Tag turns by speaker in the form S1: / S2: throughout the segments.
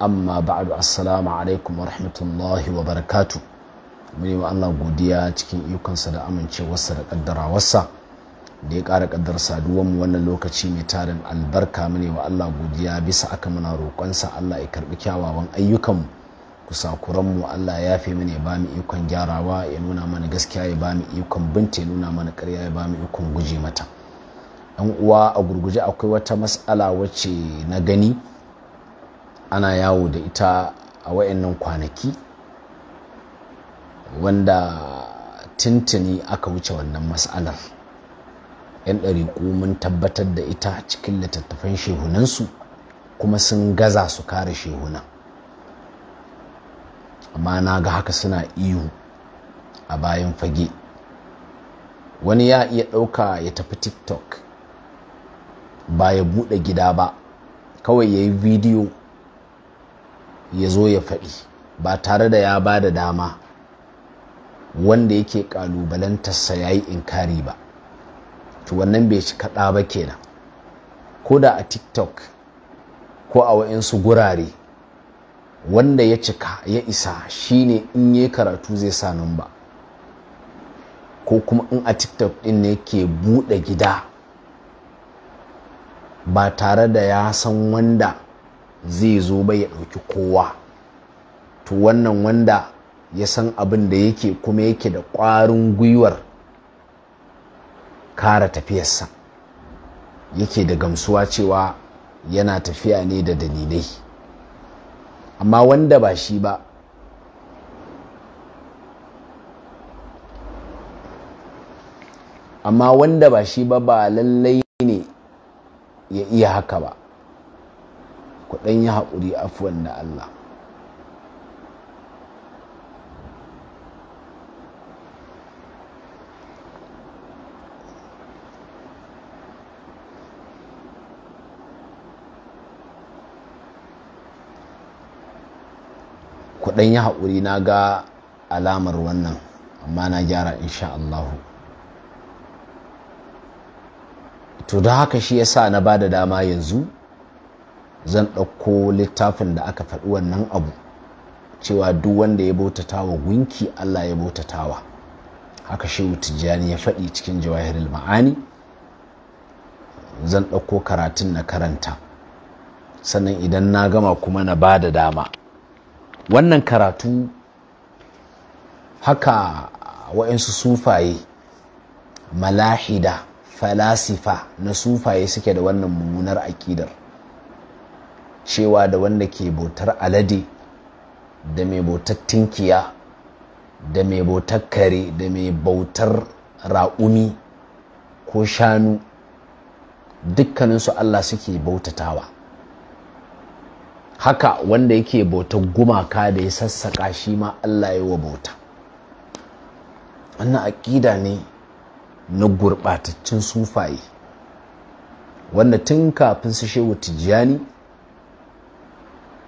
S1: amma da assalamu alaikum wa rahmatullahi wa barakatu muni wa Allah godiya cikin ikonsa da amincewarsa da kaddarawarsa da ya ƙara kaddar saduwan mu wannan lokaci mai tarin albarka muni wa Allah godiya bisa aka muna roƙonsa Allah ya karbi kyawawan ayyukan kusakuran mu Allah ya yafe mana ya bamu ikon gyarawa ya nuna mana gaskiya ya bamu ikon binta ya nuna mana ƙarya ya bamu ikon guje mata yan uwa a gurguje akwai wata mas'ala wacce na gani ana yawo da ita a wayannan kwanaki wanda tintini aka wuce wannan mas'alar 'yan ɗariƙu mun tabbatar da ita cikin littattafan shehunansu kuma sun gaza su kare shehunan amma na ga haka suna iyo a bayan fage wani ya iya ɗauka ya tafi tiktok ba ya buɗe gida ba kawai ya yi bidiyo ya zo ya faɗi ba tare da ya ba da dama wanda yake ƙalubalantarsa ya yi inkari ba to wannan bai ci kaɗa ba kenan ko da a tiktok ko a wa'insu gurare wanda ya cika ya isa shine in yi karatu zai sa nan ba ko kuma in a tiktok din ne ke buɗe gida ba tare da ya san wanda zai zo bai ya ɗauki kowa to wannan wanda ya san abin da yake kuma yake da ƙwarin gwiwar kara tafiyarsa yake da gamsuwa cewa yana tafiya ne da dalilai amma wanda ba shi ba amma wanda ba shi ba ba lallai ne ya iya haka ba ku ɗan yi haƙuri afuwan na Allah ku ɗan yi haƙuri na ga alamar wannan amma na gyara insha Allahu to da haka shi yasa na ba da dama yanzu zan ɗauko littafin da aka faɗi wannan abu cewa duk wanda ya bautata wa gunki Allah ya bautatawa haka shehu tijjani ya faɗi cikin jawahirul ma'ani zan ɗauko karatun na karanta sannan idan na gama kuma na ba da dama wannan karatu haka wa'insu sufaye malahida falasifa na sufaye suke da wannan mummunar aƙidar. cewa da wanda ke bautar alade da mai bautar tinkiya da mai bautar kare da mai bautar raƙumi ko shanu dukkaninsu Allah suke bautatawa haka wanda yake bautar gumaka da ya sassaƙa shi ma Allah ya wa bauta wannan aƙida ne na gurɓataccen sufaye wanda tun kafin su shehu tijjani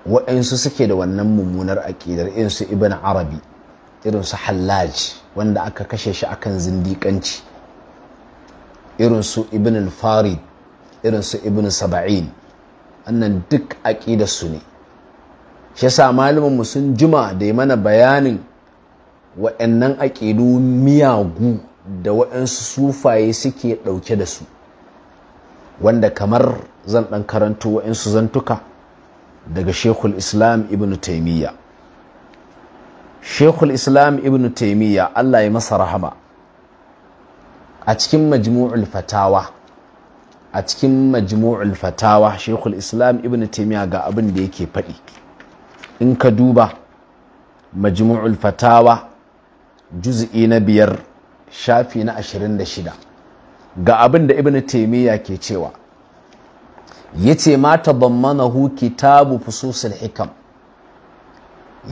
S1: waɗansu suke da wannan mummunar aƙidar irin su ibn arabi irinsu su wanda aka kashe shi akan zindiƙanci irin su ibn al-farid irinsu su ibn saba'in annan duk aƙidar su ne shi sa mu sun juma da yi mana bayanin waɗannan aƙidu miyagu da waɗansu sufaye suke ɗauke da su wanda kamar zan ɗan karanto waɗansu zantuka daga shekul islam ibn taimiyya shekul islam ibn taimiyya allah ya masa rahama a cikin majmu'ul fatawa a cikin majmu'ul fatawa shekul islam ibn taimiyya ga abin da yake faɗi in ka duba majmu'ul fatawa juz'i na biyar shafi na ashirin da shida ga abin da ibn taimiyya ke cewa yace ma tadammanahu kitabu fususun hikam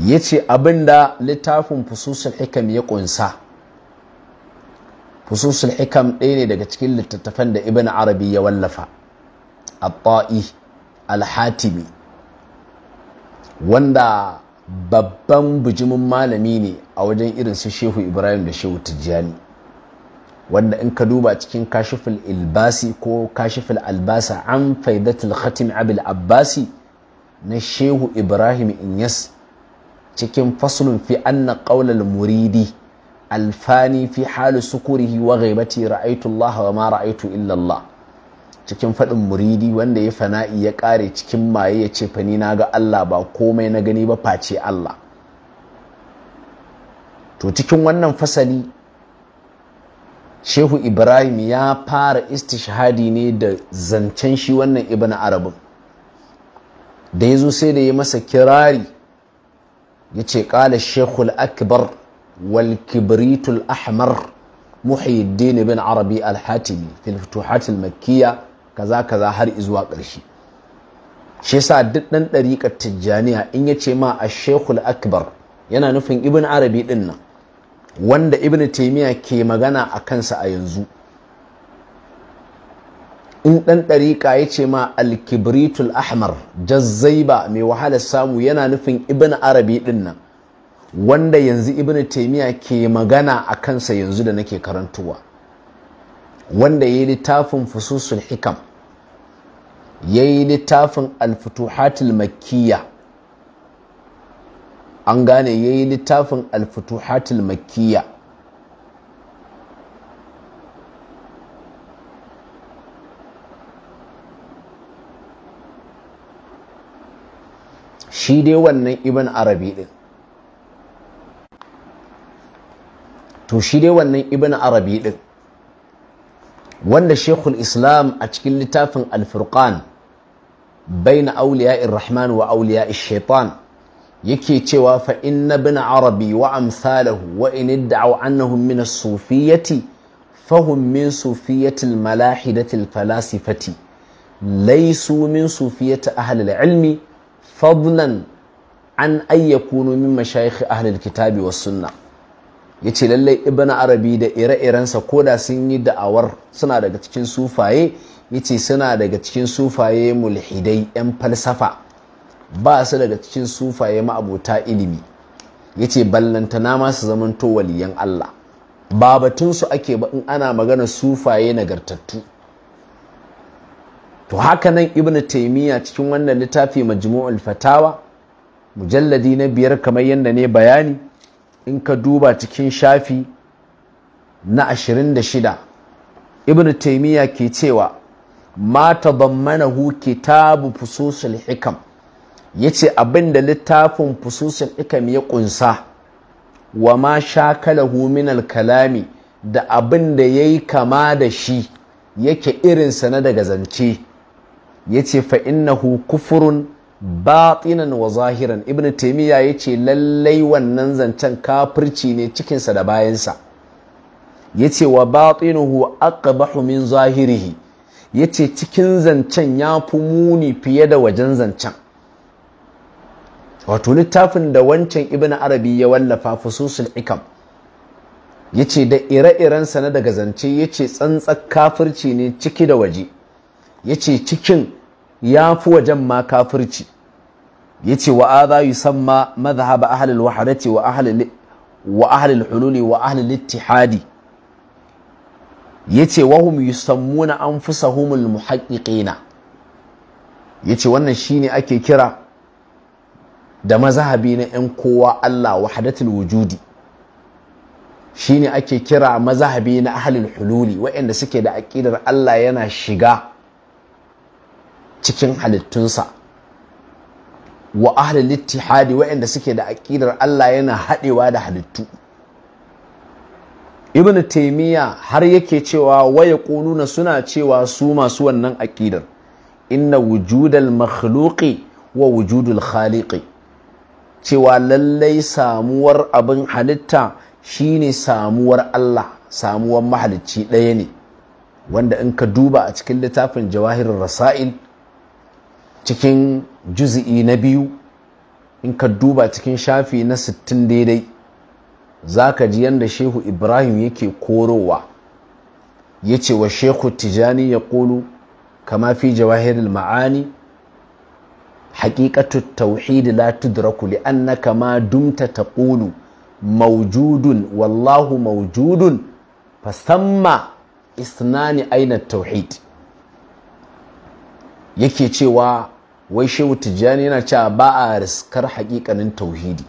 S1: yace abinda littafin fususun hikam ya kunsa Fususun hikam ɗaya ne daga cikin littattafan da ibn arabi ya wallafa at alhatimi al wanda babban bijimin malami ne a wajen irin su shehu ibrahim da shehu tijjani wanda in ka duba cikin kashiful ilbasi ko kashiful albasa an faidatul khatim abil abbasi na shehu ibrahim inyas cikin faslun fi anna qaulal muridi alfani fi hali sukurihi wa ghaibati ra'aytu Allah wa ma ra'aytu illa Allah cikin fadin muridi wanda ya fana'i ya kare cikin maye ya ce fani na ga Allah ba komai na gani ba face Allah to cikin wannan fasali shehu ibrahim ya fara istishhadi ne da zancen shi wannan ibn arabin da ya zo sai da ya masa kirari ya ce ƙala shekul akbar wal kibritul ahmar muhyiddin ibn arabi al-hatimi fil makkiya kaza kaza har izuwa ƙarshe shi yasa duk ɗan ɗariƙar tijjaniya in ya ce ma a shekul akbar yana nufin ibn arabi ɗin nan wanda ibn taimiyya ke magana a kansa a yanzu in ɗan ɗariƙa ya ce ma alkibritul ahmar jazzaiba mai wahalar samu yana nufin ibn arabi ɗin nan wanda yanzu ibn taimiyya ke magana a kansa yanzu da nake karantuwa wanda ya yi littafin fususun hikam ya yi littafin alfutuhatul makiyya an gane ya yi littafin alfutuhatul makiyya shi dai wannan ibn arabi din to shi dai wannan ibn arabi din wanda shekul islam a cikin littafin alfurkan bai na auliya irrahman wa auliya shaitan yake cewa fa inna bin arabi wa amsalahu wa in da'aw annahum min as-sufiyyati fahum min sufiyyati al-malahidati al-falasifati laysu min sufiyyati ahli al-ilmi fadlan an ay yakunu min mashayikh ahli al-kitabi was sunnah yace lallai ibn arabi da ire-irensa koda sun yi da'awar suna daga cikin sufaye yace suna daga cikin sufaye mulhidai yan falsafa ba su daga cikin sufaye ma'abota ilimi ya ce ballanta na su zamanto waliyan Allah ba batunsu ake ba in ana magana sufaye nagartattu to haka nan Ibn taimiyya cikin wannan littafi majmu'ul fatawa mujalladi na biyar kamar yadda ne bayani in ka duba cikin shafi na 26 Ibn taimiyya ke cewa ma ke kitabu fususul hikam ya ce abin da littafin fususun ikam ya kunsa wa ma shakalahu min kalami da abin da ya yi kama da shi yake irinsa na daga zance ya ce fa'innahu kufurun batinan wa zahiran ibn taimiyya ya ce lallai wannan zancen kafirci ne cikinsa da bayansa ya ce wa batinuhu aqbahu min zahirihi ya ce cikin zancen ya fi muni fiye da wajen zancen wato littafin da wancan ibn arabi ya wallafa fususul ikam ce da ire-irensa na daga zance ce tsantsar kafirci ne ciki da waje Ya ce cikin ya fi wajen ma kafirci yace wa san ma madhhab ahli ahalil waharati wa hululi wa littihadi ya hululi wa hum yi ittihadi yace an yusammuna humul muhaƙiƙina. Ya yace wannan ne ake kira da mazhabi na 'yan kowa Allah wahadatul wujudi shine ake kira mazhabi na ahlul hululi wa'anda suke da aƙidar Allah yana shiga cikin halittunsa wa ahlul ittihadi wa'anda suke da aƙidar Allah yana haɗewa da halittu ibn taimiyya har yake cewa waya ƙununa suna cewa su masu wannan aƙidar inna wujudal makhluqi wa wujudul khaliqi cewa lallai samuwar abin halitta shine samuwar Allah samuwar mahalicci ɗaya ne wanda in ka duba a cikin littafin jawahirin rasa'il cikin juzi'i na biyu in ka duba cikin shafi na sittin daidai za ka ji yadda shehu ibrahim yake korowa ya ce wa shehu tijani ya kolo kama fi jawahirin ma'ani haƙiƙatun tauhid la tudraku li annaka ma dumta taqulu mawjudun wallahu mawjudun fasamma isnani aina tauhid yake cewa wai shehu tijjani yana cewa ba a riskar haƙiƙanin tauhidi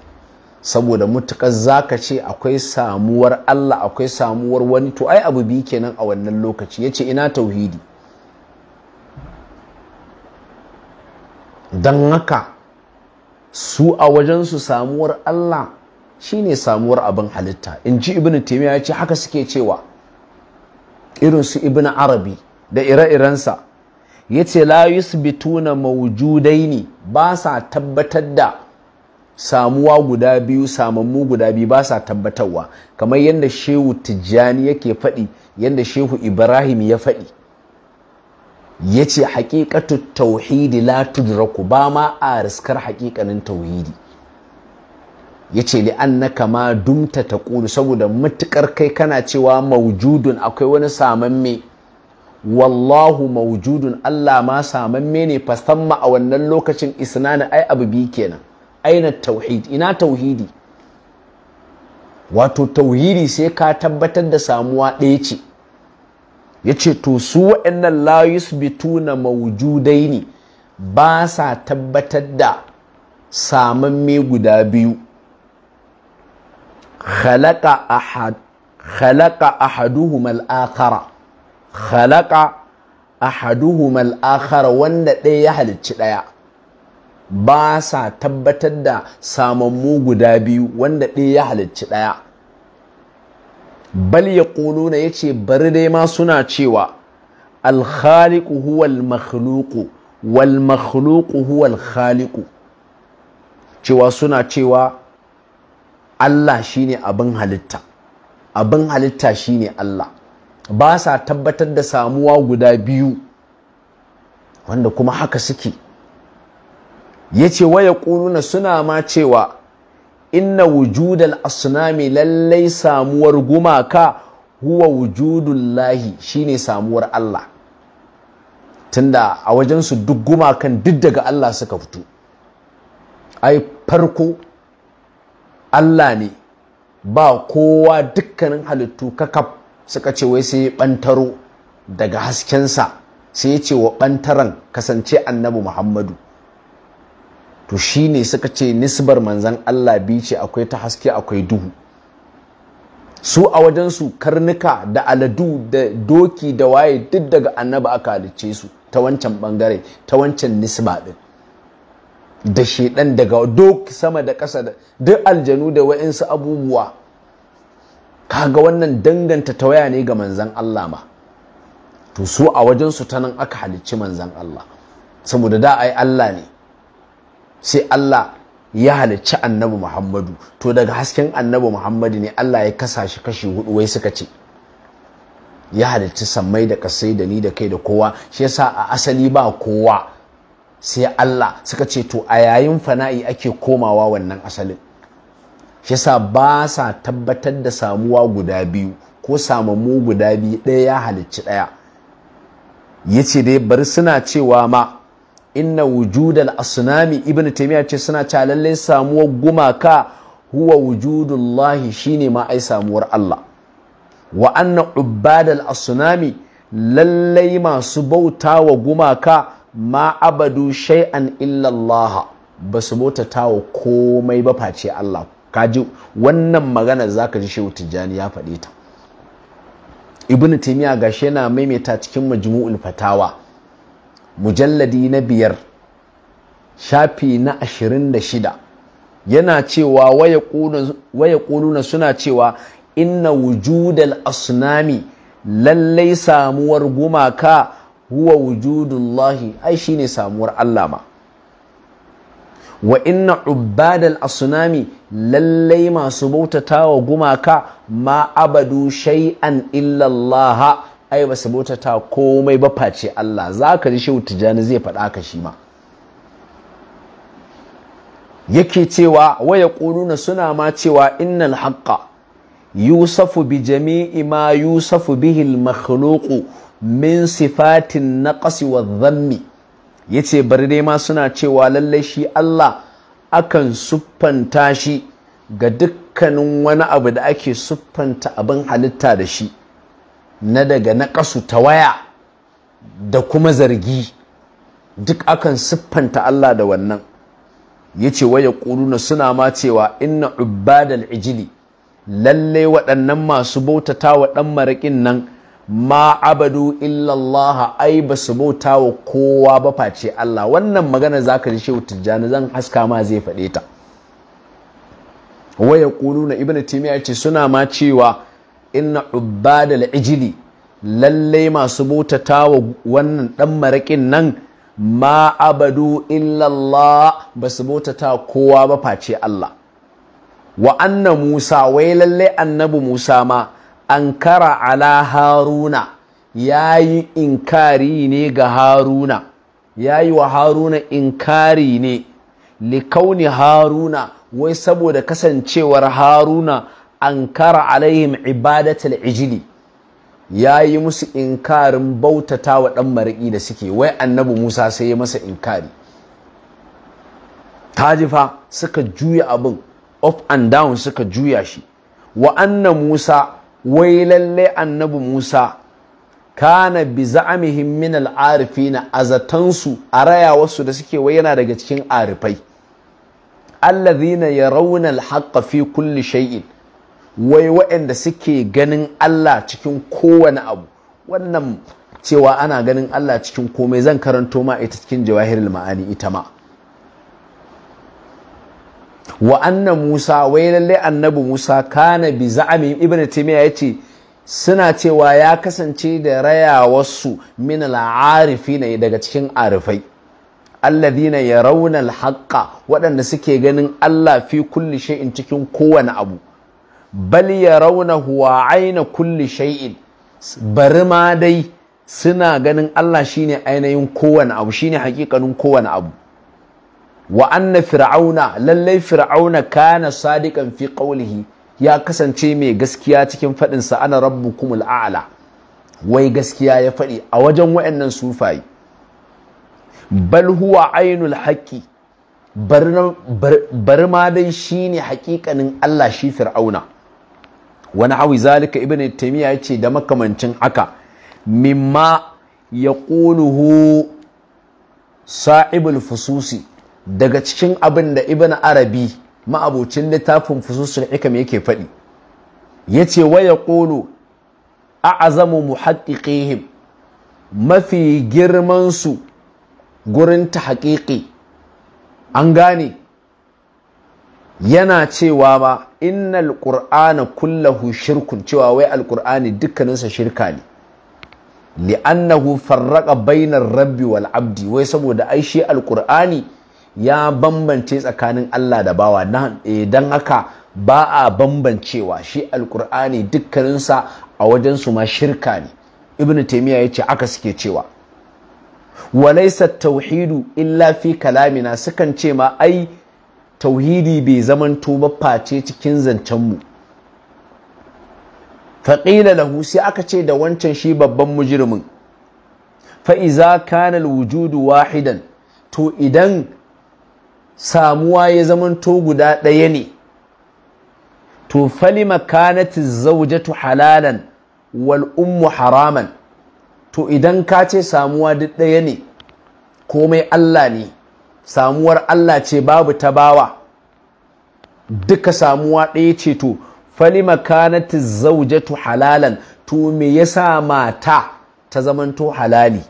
S1: saboda mutukar zaka ce akwai samuwar Allah akwai samuwar wani to ai abu biyu kenan a wannan lokaci yace ina tauhidi don haka su a wajen su samuwar Allah shine samuwar abin halitta in ji ibn taimiyya ya ce haka suke cewa irin su ibn arabi da ire-irensa ya ce la yusbituna maujudai ne ba sa tabbatar da samuwa guda biyu samammu guda biyu ba sa tabbatarwa kamar yadda shehu tijjani yake faɗi yadda shehu ibrahim ya faɗi ya ce haƙiƙatu tauhidi la tudraku ba ma a riskar haƙiƙanin tauhidi ya ce li ma dumta ta ƙulu saboda matuƙar kai kana cewa maujudun akwai wani samamme wallahu maujudun Allah ma samamme ne fasamma a wannan lokacin isnani ai abu bi kenan aina tauhid ina tauhidi wato tauhidi sai ka tabbatar da samuwa ɗaya ce ya ce to su wa'annan la bituna mawujudai ne ba sa tabbatar da samamme guda biyu khalaka ahad khalaqa ahaduhuma al-akhara wanda ɗaya ya halicci ɗaya ba sa tabbatar da samammu guda biyu wanda ɗaya ya halicci ɗaya bal yaquluna yace bari dai ma suna cewa al huwal huwa al makhluqu wal makhluqu cewa suna cewa Allah shine abin halitta abin halitta shine Allah ba sa tabbatar da samuwa guda biyu wanda kuma haka suke yace waya ƙununa suna ma cewa inna wujudal asnami lallai samuwar gumaka huwa wujudun lahi shine samuwar Allah tunda a wajen su duk gumakan duk daga Allah suka fito ai farko Allah ne ba kowa dukkanin halittu kakaf suka ce wai sai bantaro daga haskensa sai ya ce wa bantaran kasance annabi Muhammadu to shine suka ce nisbar manzan Allah biyu ce akwai ta haske akwai duhu su a wajensu karnuka da aladu da doki da waye duk daga annaba aka halicce su ta wancan bangare ta wancan nisba din da shedan daga dok sama da ƙasa da duk aljanu da wa'insu abubuwa kaga wannan danganta ta waya ne ga manzan Allah ma to su a wajensu ta nan aka halicci manzan Allah saboda da ai Allah ne sai Allah ya halicci annabi Muhammadu to daga hasken annabi Muhammadu ne Allah ya kasa shi kashi hudu wai suka ce ya halicci sammai da kasai da ni da kai da kowa shi yasa a asali ba kowa sai Allah suka ce to a yayin fana'i ake komawa wannan asalin shi yasa ba sa tabbatar da samuwa guda biyu ko samammu guda biyu ɗaya ya halicci ɗaya Ya ce dai bar suna cewa ma inna wujudal asnami ibnu taymiya ce suna ta lalle samuwar gumaka huwa wujudullahi shine ma ai samuwar Allah wa anna ubbadal asnami lallai masu bauta wa gumaka ma abadu shay'an illa Allah ba su bautata wa komai ba face Allah kaji wannan magana zaka ji Shehu Tijjani ya faɗe ta Ibn Taymiya gashe na maimaita cikin Majmu'ul Fatawa mujalladi na biyar shafi na ashirin da shida yana cewa waya ƙununa suna cewa inna wujudal asnami lallai samuwar gumaka huwa wujudullahi ai shi ne samuwar Allah ma wa inna ubbadal asnami lallai masu bautatawa gumaka ma abadu shay'an illallah ai ba su bautata komai ba face Allah za ka ji shehu tijjani zai faɗa ka shi ma yake cewa waya ƙununa suna ma cewa innal haqqa yusafu bi jami'i ma yusafu bihi al min sifatin naqsi wa dhammi yace bari dai ma suna cewa lallai shi Allah akan siffanta shi ga dukkanin wani abu da ake siffanta abin halitta da shi na daga na ƙasu ta waya da kuma zargi duk akan siffanta Allah da wannan Ya yace waya ƙuluna suna ma cewa inna ubbadal ijili lalle waɗannan masu bautata wa ɗan maraƙin nan ma abadu illallah ai ba su bauta wa kowa ba face Allah wannan magana za ka ji shehu tijjani zan haska ma zai faɗe ta waya ƙuluna Ibn timiya ce suna ma cewa inna ubada la ijili lalle masu bautata wa wannan dan marakin nan ma abadu illallah ba su bautata kowa ba face Allah wa anna Musa wai lalle annabi Musa ma ankara ala haruna yayi inkari ne ga haruna yayi wa haruna inkari ne likauni haruna wai saboda kasancewar haruna ankara alaihim ibadatul ijili ya yi musu inkarin bautata wa ɗan mariƙi da suke wai annabi musa sai ya masa inkari tajifa suka juya abin up and down suka juya shi wa anna musa wai lalle annabi musa kana bi za'amihim min al'arifina azatansu a raya wasu da suke wai yana daga cikin arifai allazina yarawna al-haqqa fi kulli shay'in wai waɗanda suke ganin Allah cikin kowane abu wannan cewa ana ganin Allah cikin komai zan karanto ma ita cikin jawahirul ma'ani ita ma wa anna Musa wai lalle annabi Musa kana bi za'ami ibnu taymiya yace suna cewa ya kasance da rayawarsu min al'arifi ne daga cikin arifai alladhina ya al-haqqa waɗanda suke ganin Allah fi kulli shay'in cikin kowane abu bal ya rauna wa aina kulli shay'in bari ma dai suna ganin Allah shine ainihin kowane abu shine hakikanin kowane abu wa anna fir'auna lallai fir'auna kana sadiqan fi qawlihi ya kasance mai gaskiya cikin faɗin sa ana rabbukumul a'la wai gaskiya ya faɗi a wajen wayannan sufayi bal huwa ainul haqqi bari ma dai shine hakikanin Allah shi fir'auna wani hawi zalika ibn taymiya yace da makamancin haka mimma ya yaquluhu sa'ibul fususi daga cikin abin da ibn arabi ma'abocin littafin fususul hikam yake faɗi yace wa yaqulu a'zamu muhaqqiqihim mafi girman su gurin ta haƙiƙi an gane yana cewa ma innal qur'ana kullahu shirkun cewa wai alqur'ani dukkaninsa shirka ne li'annahu farraqa bainar rabbi wal abdi wai saboda ai shi alqur'ani ya bambance tsakanin Allah da bawa eh, dan haka ba a bambancewa shi alqur'ani dukkaninsa a wajen su ma shirka ne ibnu taymiya yace aka suke cewa walaysa tauhidu illa fi kalamina sukan ce ma ai tauhidi bai zamanto ba face cikin zancenmu faƙila lahu sai aka ce da wancan shi babban mujirmin fa'iza kanal wujudu wahidan to idan samuwa ya zamanto guda ɗaya ne to falima kanati zaujatu halalan wal ummu haraman to idan ka ce samuwa duk ɗaya ne komai Allah ne samuwar Allah ce babu ta bawa duka samuwa ɗaya ce to falima kanati zaujatu halalan to me yasa mata ta zamanto halali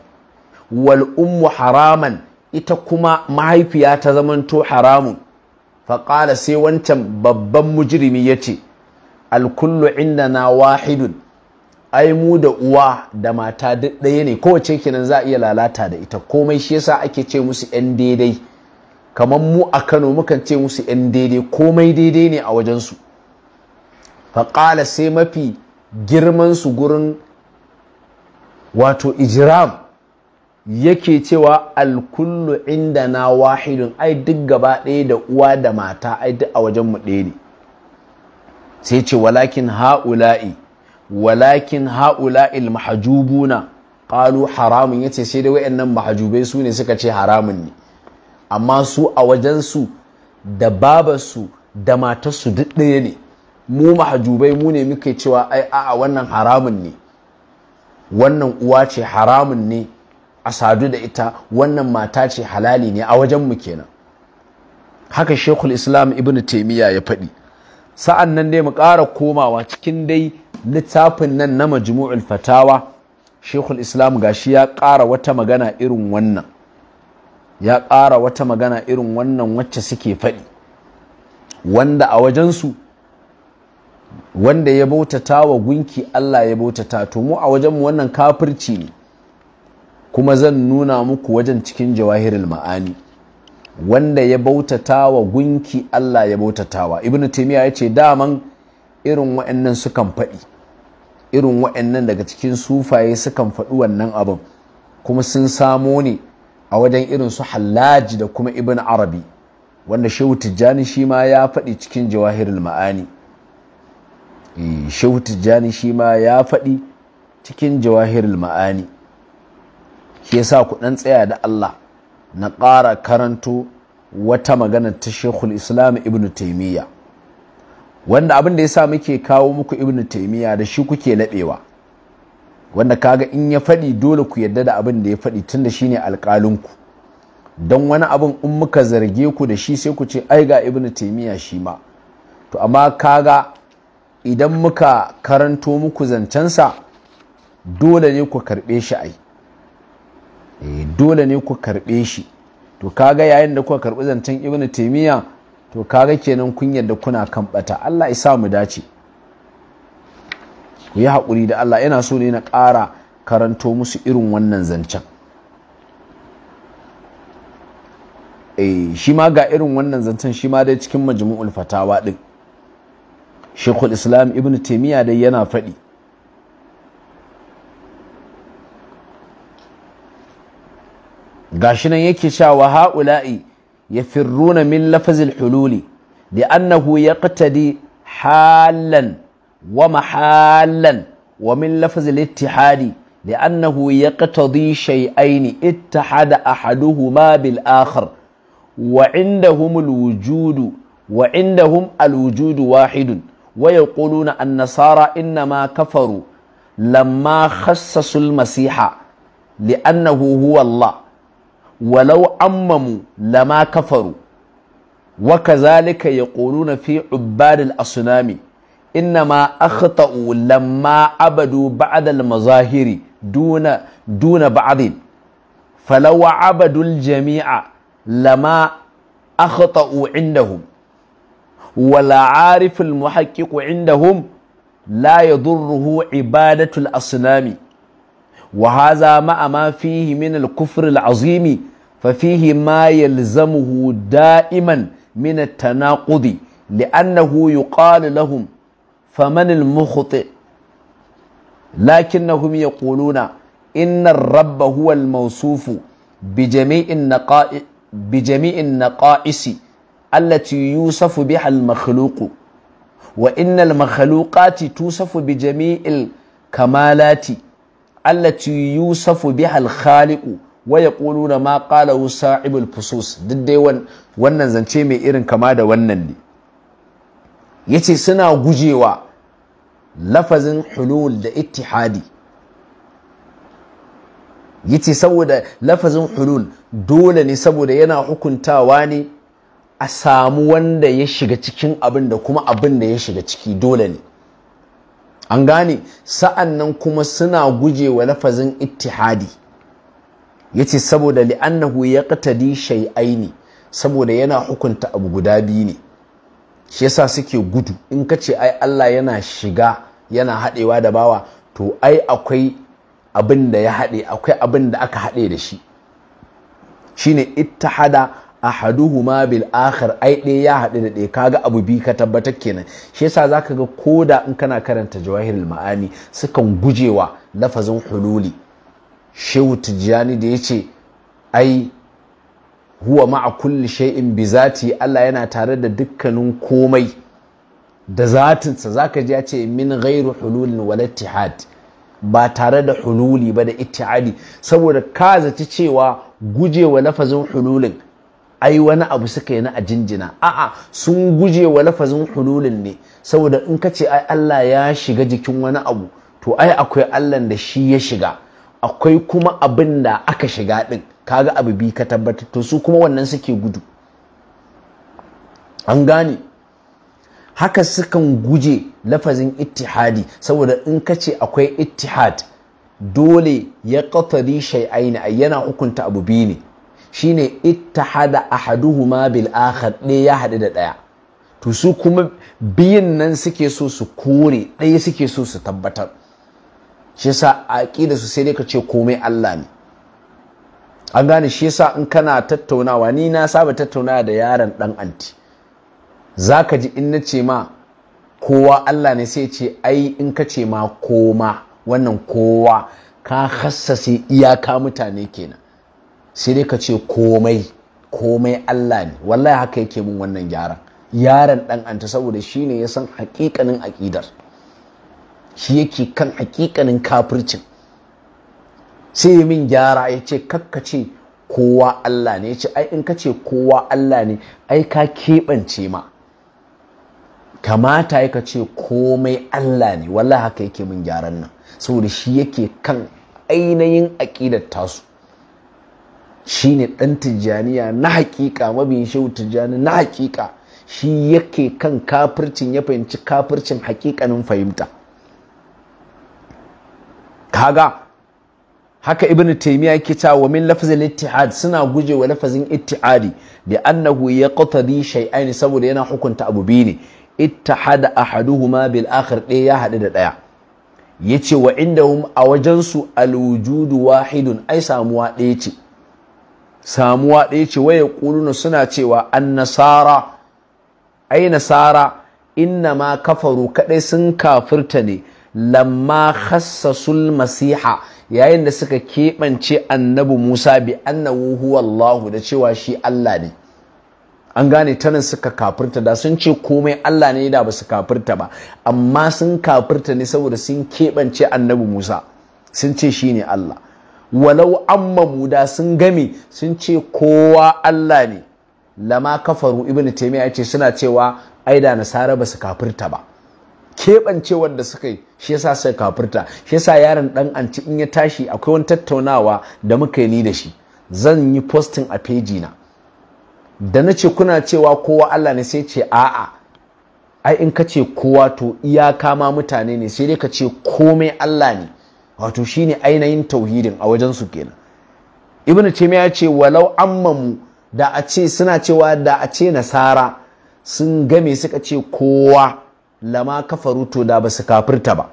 S1: wal haraman ita kuma mahaifiya ta zamanto haramun faƙala sai wancan babban mujirimi ya ce alkullu inda na wahidun ai mu da uwa da mata duk ɗaya ne kowace kenan za a iya lalata da ita komai shi yasa ake ce musu 'yan daidai kamar mu a kano mukan ce musu 'yan daidai komai daidai ne a wajensu faƙala sai mafi girman su gurin wato ijiram yake cewa alkullu inda na wahidun ai duk gaba ɗaya da uwa da mata ai duk a wajenmu ɗaya ne sai ce walakin ha'ula'i walakin haula il mahajubuna qalu haramun yace sai da wayannan mahajubai su ne suka ce haramun ne amma su a wajen su da babarsu da matarsu duk ɗaya ne mu mahajubai mu ne muke cewa ai a'a wannan haramun ne wannan uwa ce haramun ne a sadu da ita wannan mata ce halali ne a wajen mu kenan haka shekul islam ibnu taimiyya ya faɗi sa'an nan dai mu ƙara komawa cikin dai littafin nan na majmu'ul fatawa shekul islam gashi ya ƙara wata magana irin wannan ya ƙara wata magana irin wannan wacce suke faɗi wanda a wajensu wanda ya bautata wa gunki Allah ya bautata to mu a wajenmu wannan kafirci ne kuma zan nuna muku wajen cikin jawahirul ma'ani wanda ya bautata wa gunki Allah ya bautatawa ibnu taimiyya ya ce daman irin wa'annan sukan faɗi irin wa'annan daga cikin sufaye sukan faɗi wannan abin kuma sun samo ne a wajen irin su hallaji da kuma ibn arabi wanda shehu tijjani shi ma ya faɗi cikin jawahirul ma'ani eh, shehu tijjani shi ma ya faɗi cikin jawahirul ma'ani shi yasa ku ɗan tsaya da Allah na ƙara karanto wata magana ta shekul islam ibn taimiyya wanda abin da ya sa muke kawo muku ibnu taimiya da shi kuke labewa wanda kaga in ya faɗi dole ku yadda da abin da ya faɗi tun da shi shine alƙalinku don wani abin in muka zarge ku da shi sai ku ce ai ga ibnu taimiya shi ma to amma kaga idan muka karanto muku zancensa dole ne ku karɓe shi ai eh, dole ne ku karɓe shi to kaga yayin da kuka karɓi zancen ibnu taimiya to kaga kenan kun yadda kuna kan bata Allah isa mu dace ku yi haƙuri da Allah yana so ne na ƙara karanto musu irin wannan zancen eh shi ma ga irin wannan zancen shi ma dai cikin majmu'ul fatawa din Sheikhul Islam Ibn Taymiyyah dai yana faɗi gashi nan yake cewa ha'ula'i يفرون من لفظ الحلول لأنه يقتدي حالا ومحالا ومن لفظ الاتحاد لأنه يقتضي شيئين اتحد أحدهما بالآخر وعندهم الوجود وعندهم الوجود واحد ويقولون النصارى إنما كفروا لما خصصوا المسيح لأنه هو الله ولو ammamu lama kafaru wa kazalika yaquluna fi ubbadil asunami innama akhta'u lamma abadu ba'da al-mazahiri duna duna ba'din فلو عبدوا الجميع لما أخطأوا عندهم ولا عارف المحقق عندهم لا يضره عبادة الأصنام وهذا مع ما فيه من الكفر العظيم ففيه ما يلزمه دائما من التناقض لأنه يقال لهم فمن المخطئ لكنهم يقولون إن الرب هو الموصوف بجميع النقائص بجميع النقائص التي يوصف بها المخلوق وإن المخلوقات توصف بجميع الكمالات التي يوصف بها الخالق Waya yaquluna ma wusa sa'ibul fusus duk dai wannan zance mai irin kama da wannan ne Ya ce suna gujewa lafazin hulul da ittihadi ce saboda lafazin hulul dole ne saboda yana hukuntawa ne a samu wanda ya shiga cikin abin da kuma abin da ya shiga ciki dole ne an gane sa'an nan kuma suna gujewa lafazin ittihadi yace saboda li'annahu yaqtadi shay'aini saboda yana hukunta abu guda biyu ne shi yasa suke gudu in ka ce ai Allah yana shiga yana haɗewa da bawa to ai akwai abin da ya haɗe akwai abin da aka haɗe da shi shine ittihada ahaduhuma bil akhir ai ɗaya ya haɗu da ɗaya kaga abu biyu ka tabbatar kenan shi yasa zaka ga da in kana karanta jawahirul ma'ani sukan gujewa lafazin hululi shehu tijjani da ya ce ai huwa ma'a kulli shay'in bi zati Allah yana tare da dukkanin komai da zatinsa zaka ji ya ce min gairu hululin wal ittihad ba tare da hululi ba da ittihadi saboda ka zaci cewa gujewa lafazin hululin ai wani abu suka yi na a jinjina a'a sun guje wa lafazin hululin ne saboda in ka ce ai Allah ya shiga jikin wani abu to ai akwai Allah da shi ya shiga akwai kuma abin da aka shiga ɗin kaga abu bi ka tabbatar to su kuma wannan suke gudu an gane haka sukan guje lafazin ittihadi saboda in ka ce akwai ittihad dole ya ƙatari shai'aini a yana hukunta abu biyu ne shine ittihada ahaduhuma bil akhar ɗaya ya haɗu da ɗaya to su kuma biyun nan suke so su kore ɗaya suke so su tabbatar shi yasa a aƙida su sai dai ka ce komai Allah ne an gane shi yasa in kana tattaunawa ni na saba tattaunawa da yaron dan anti zaka ji in na ce ma kowa Allah ne sai ce ai in ka ce ma koma wannan kowa ka hassase iyaka mutane kenan sai dai ka ce komai komai Allah ne wallahi haka yake mun wannan gyaran yaron dan anta saboda shine ya san hakikanin aƙidar shi yake kan hakikanin kafircin sai yi min gyara ya ce kakkace kowa Allah ne ya ce ai in ka kowa Allah ne ai ka keɓance ma kamata ya kace komai Allah ne wallahi haka yake min gyaran nan saboda shi yake kan ainihin aƙidar tasu shi ne ɗan tijjaniya na haƙiƙa mabiyin shehu tijjani na hakika. shi yake kan kafircin ya fahimci kafircin hakikanin fahimta kaga haka Ibn taymiya yake ta wa min al ittihad suna gujewa wa lafazin ittihadi da annahu yaqtadi shay'ain saboda yana hukunta abu biyu ne ittihada ahaduhuma bil akhir ɗaya ya hadu da ɗaya yace wa indahum a al alwujudu wahidun ai samuwa daya ce samuwa ɗaya ce waye suna cewa an nasara ai nasara inna ma kafaru kaɗai sun kafirta ne lamma khassasul masiha yayin da suka keɓance annabi Musa bi annahu huwa Allah da cewa shi Allah ne an gane tanan suka kafirta da sun ce komai Allah ne da basu kafirta ba amma sun kafirta ne saboda sun keɓance annabi Musa sun ce shi ne Allah walau amma da sun game sun ce kowa Allah ne lama kafaru ibnu taimiyya ce suna cewa aida da nasara basu kafirta ba keɓancewar da suka yi shi yasa sai kafirta shi yasa yaron dan anci in ya tashi akwai wani tattaunawa da muka yi ni da shi zan yi postin a feji na da na ce kuna cewa kowa Allah ne sai ce a'a ai in ka ce kowa to iyaka ma mutane ne sai dai ka ce komai Allah ne wato shine ainihin tauhidin a wajen su kenan Ibn taymiya ya ce walau ammamu da a ce suna cewa da a ce nasara sun game suka ce kowa lama kafaru to da ba su kafirta ba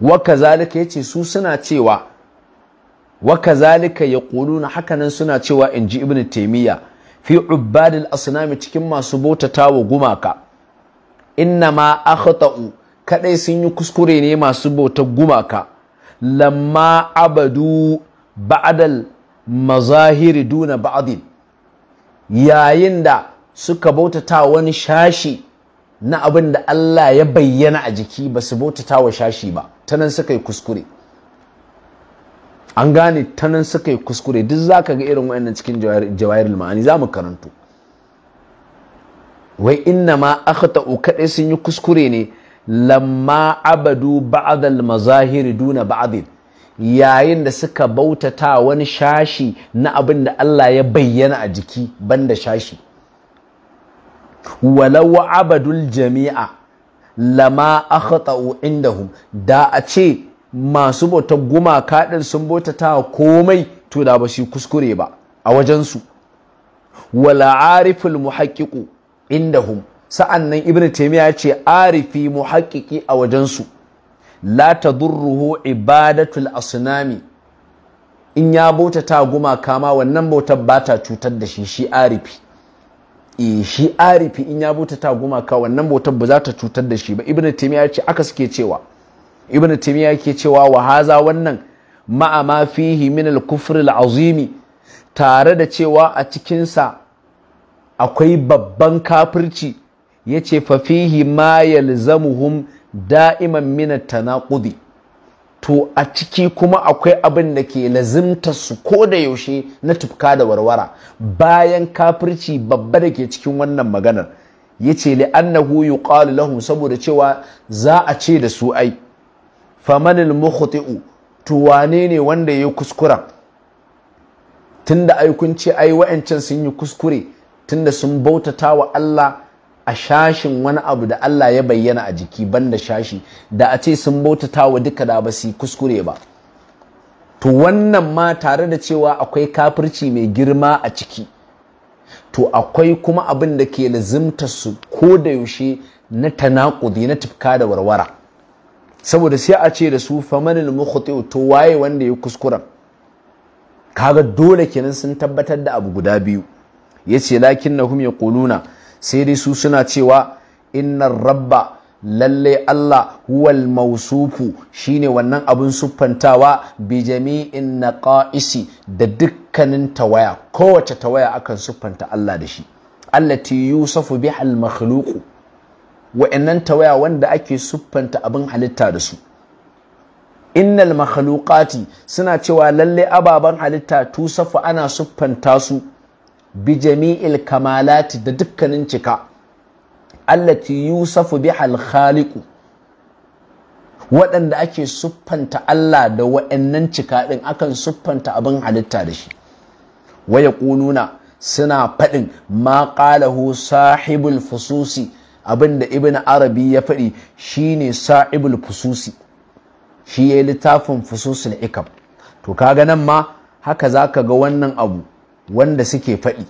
S1: waka zalika ya ce su suna cewa waka zalika ya na hakanan suna cewa in ji ibn taimiyya fi ubbadil asnami cikin masu bautata wa gumaka inna ma akhata'u kadai sun yi kuskure ne masu bautar gumaka lama abadu ba'dal mazahiri duna ba'din yayin da suka bautata wani shashi na abin da Allah ya bayyana a jiki ba su bautata wa shashi ba ta nan suka yi kuskure an gane ta nan suka yi kuskure duk za ka ga irin wa'annan cikin jawayar ma'ani za mu karanto wai inna ma ta'u kadai sun yi kuskure ne lamma abadu ba'adal mazahiri duna ba'adin. yayin da suka bautata wani shashi na abin da Allah ya bayyana a jiki banda shashi walau abadul jami'a lama inda indahum da a ce masu bautar gumaka din sun bautata komai to da ba kuskure ba a wajensu wala ariful muhaqqiqu indahum sa'annan ibnu taymiya ce arifi muhaqqiqi a wajensu la tadurruhu ibadatul asnami in ya bautata gumaka ma wannan bautar bata cutar da shi shi arifi E, shi arifi in ya bauta ta gumaka wannan bautar ba za ta cutar da shi ba ibn taymiya ce aka suke cewa ibn taymiya ke cewa wa haza wannan ma'a ma fihi min al-kufr al tare da cewa a cikinsa akwai babban kafirci yace fa fihi ma yalzamuhum da'iman min at-tanaqudi to a ciki kuma akwai abin da ke lazimta su ko da yaushe na tufka da warwara bayan kafirci babba da ke cikin wannan maganar ya ce li'annahu yuqalu lahum saboda cewa za a ce da su ai famanil mukhti'u to wane ne wanda ya kuskura tunda ai ce ai wa'ancan sun yi kuskure tunda sun bautata wa Allah a shashin wani abu da Allah ya bayyana a jiki banda shashi da a ce sun bautata wa duka da ba su kuskure ba to wannan ma tare da cewa akwai kafirci mai girma a ciki to akwai kuma abin da ke lazimta su ko da yaushe na tanakudi na tufka da warwara saboda sai a ce da su famanin mukhti to waye wanda ya kuskuren kaga dole kenan sun tabbatar da abu guda biyu yace lakinnahum yaquluna sai dai su suna cewa innar rabba lalle Allah huwal mausufu shine wannan abin siffantawa bi jami'in naqaisi da dukkanin tawaya kowace tawaya akan siffanta Allah da shi allati yusafu biha al Wa wa'annan tawaya wanda ake siffanta abin halitta da su innal makhluqati suna cewa lalle ababen halitta tusafu ana siffanta su bi jami'il kamalati da dukkanin cika allati yusafu bihal khaliqu waɗanda ake siffanta Allah da waɗannan cika ɗin akan siffanta abin halitta da shi waya ƙununa suna faɗin ma ƙalahu sahibul fususi abinda ibn arabi ya faɗi shine sahibul fususi shi ya yi littafin fususul ikam to kaga nan ma haka zaka ga wannan abu wanda suke faɗi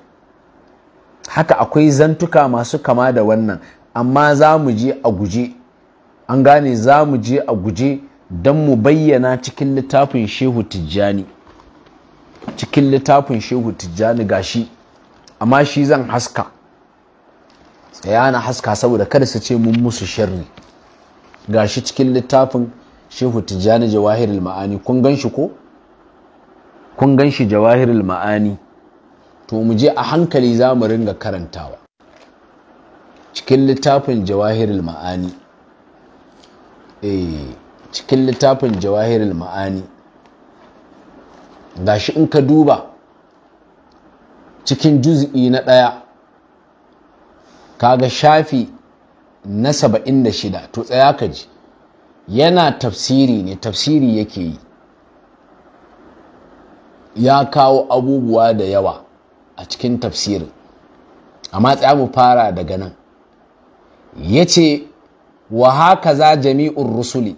S1: haka akwai zantuka masu kama da wannan amma za mu je a guje an gane za mu je a guje don mu bayyana cikin littafin shehu tijjani cikin littafin shehu tijjani ga shi. amma shi zan haska tsaya na haska saboda kada su ce mun musu sharri shi cikin littafin shehu tijjani jawahirul ma'ani kun gan shi ko kun gan shi jawahirul ma'ani to mu je a hankali za mu ringa karantawa cikin littafin jawahirul ma'ani eh, cikin littafin jawahirul ma'ani gashi in ka duba cikin juz'i na ɗaya kaga shafi na saba'in da shida to tsaya ka ji yana tafsiri ne tafsiri yake yi ya kawo abubuwa da yawa a cikin tafsirin amma tsaya mu fara daga nan ya ce wa haka za jami'un rusuli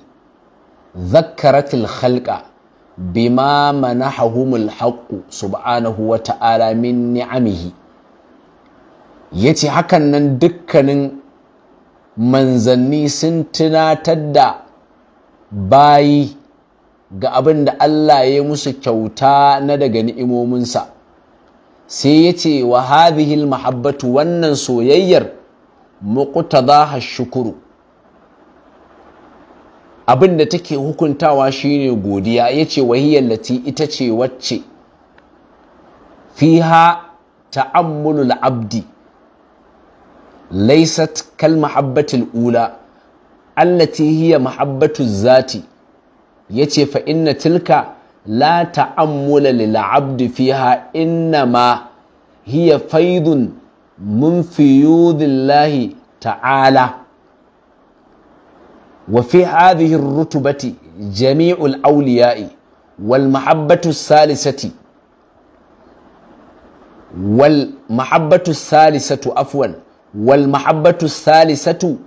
S1: zakkaratil halka bima haƙƙu haqqu subhanahu wa ta'ala min ni'amihi ce hakan nan dukkanin manzanni sun tunatar da bayi ga abin da Allah ya musu kyauta na daga ni'imominsa sai ya ce wa hadhihi mahabbatu wannan soyayyar muqtadaha shukuru Abinda take hukuntawa shine godiya ya ce wahiyar lati ita ce wacce fiha ta'ammulul abdi laisat kal mahabbatul ula allati hiya mahabbatu zati yace fa inna tilka la ta'ammula lil abdi fiha innama hiya faidun min fiyudillahi ta'ala wa fi hadhihi rutubati jami'ul awliya'i wal mahabbatu salisati wal salisatu afwan wal mahabbatu salisatu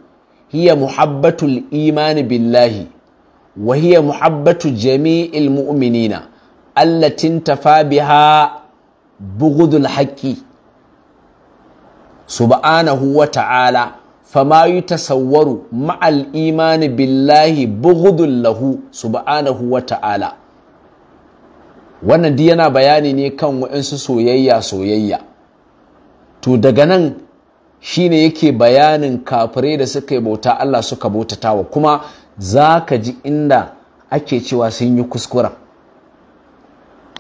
S1: hiya muhabbatul imani billahi wa hiya muhabbatu jami'il mu'minina allatin tafa biha bughudul haqqi subhanahu wa ta'ala fama yutasawwaru ma'al imani billahi bughudul lahu subhanahu wa ta'ala wannan yana bayani ne kan waɗansu soyayya soyayya to daga nan shine yake bayanin kafirai da suka yi bauta Allah suka bautatawa kuma za ka ji inda ake cewa sun yi kuskura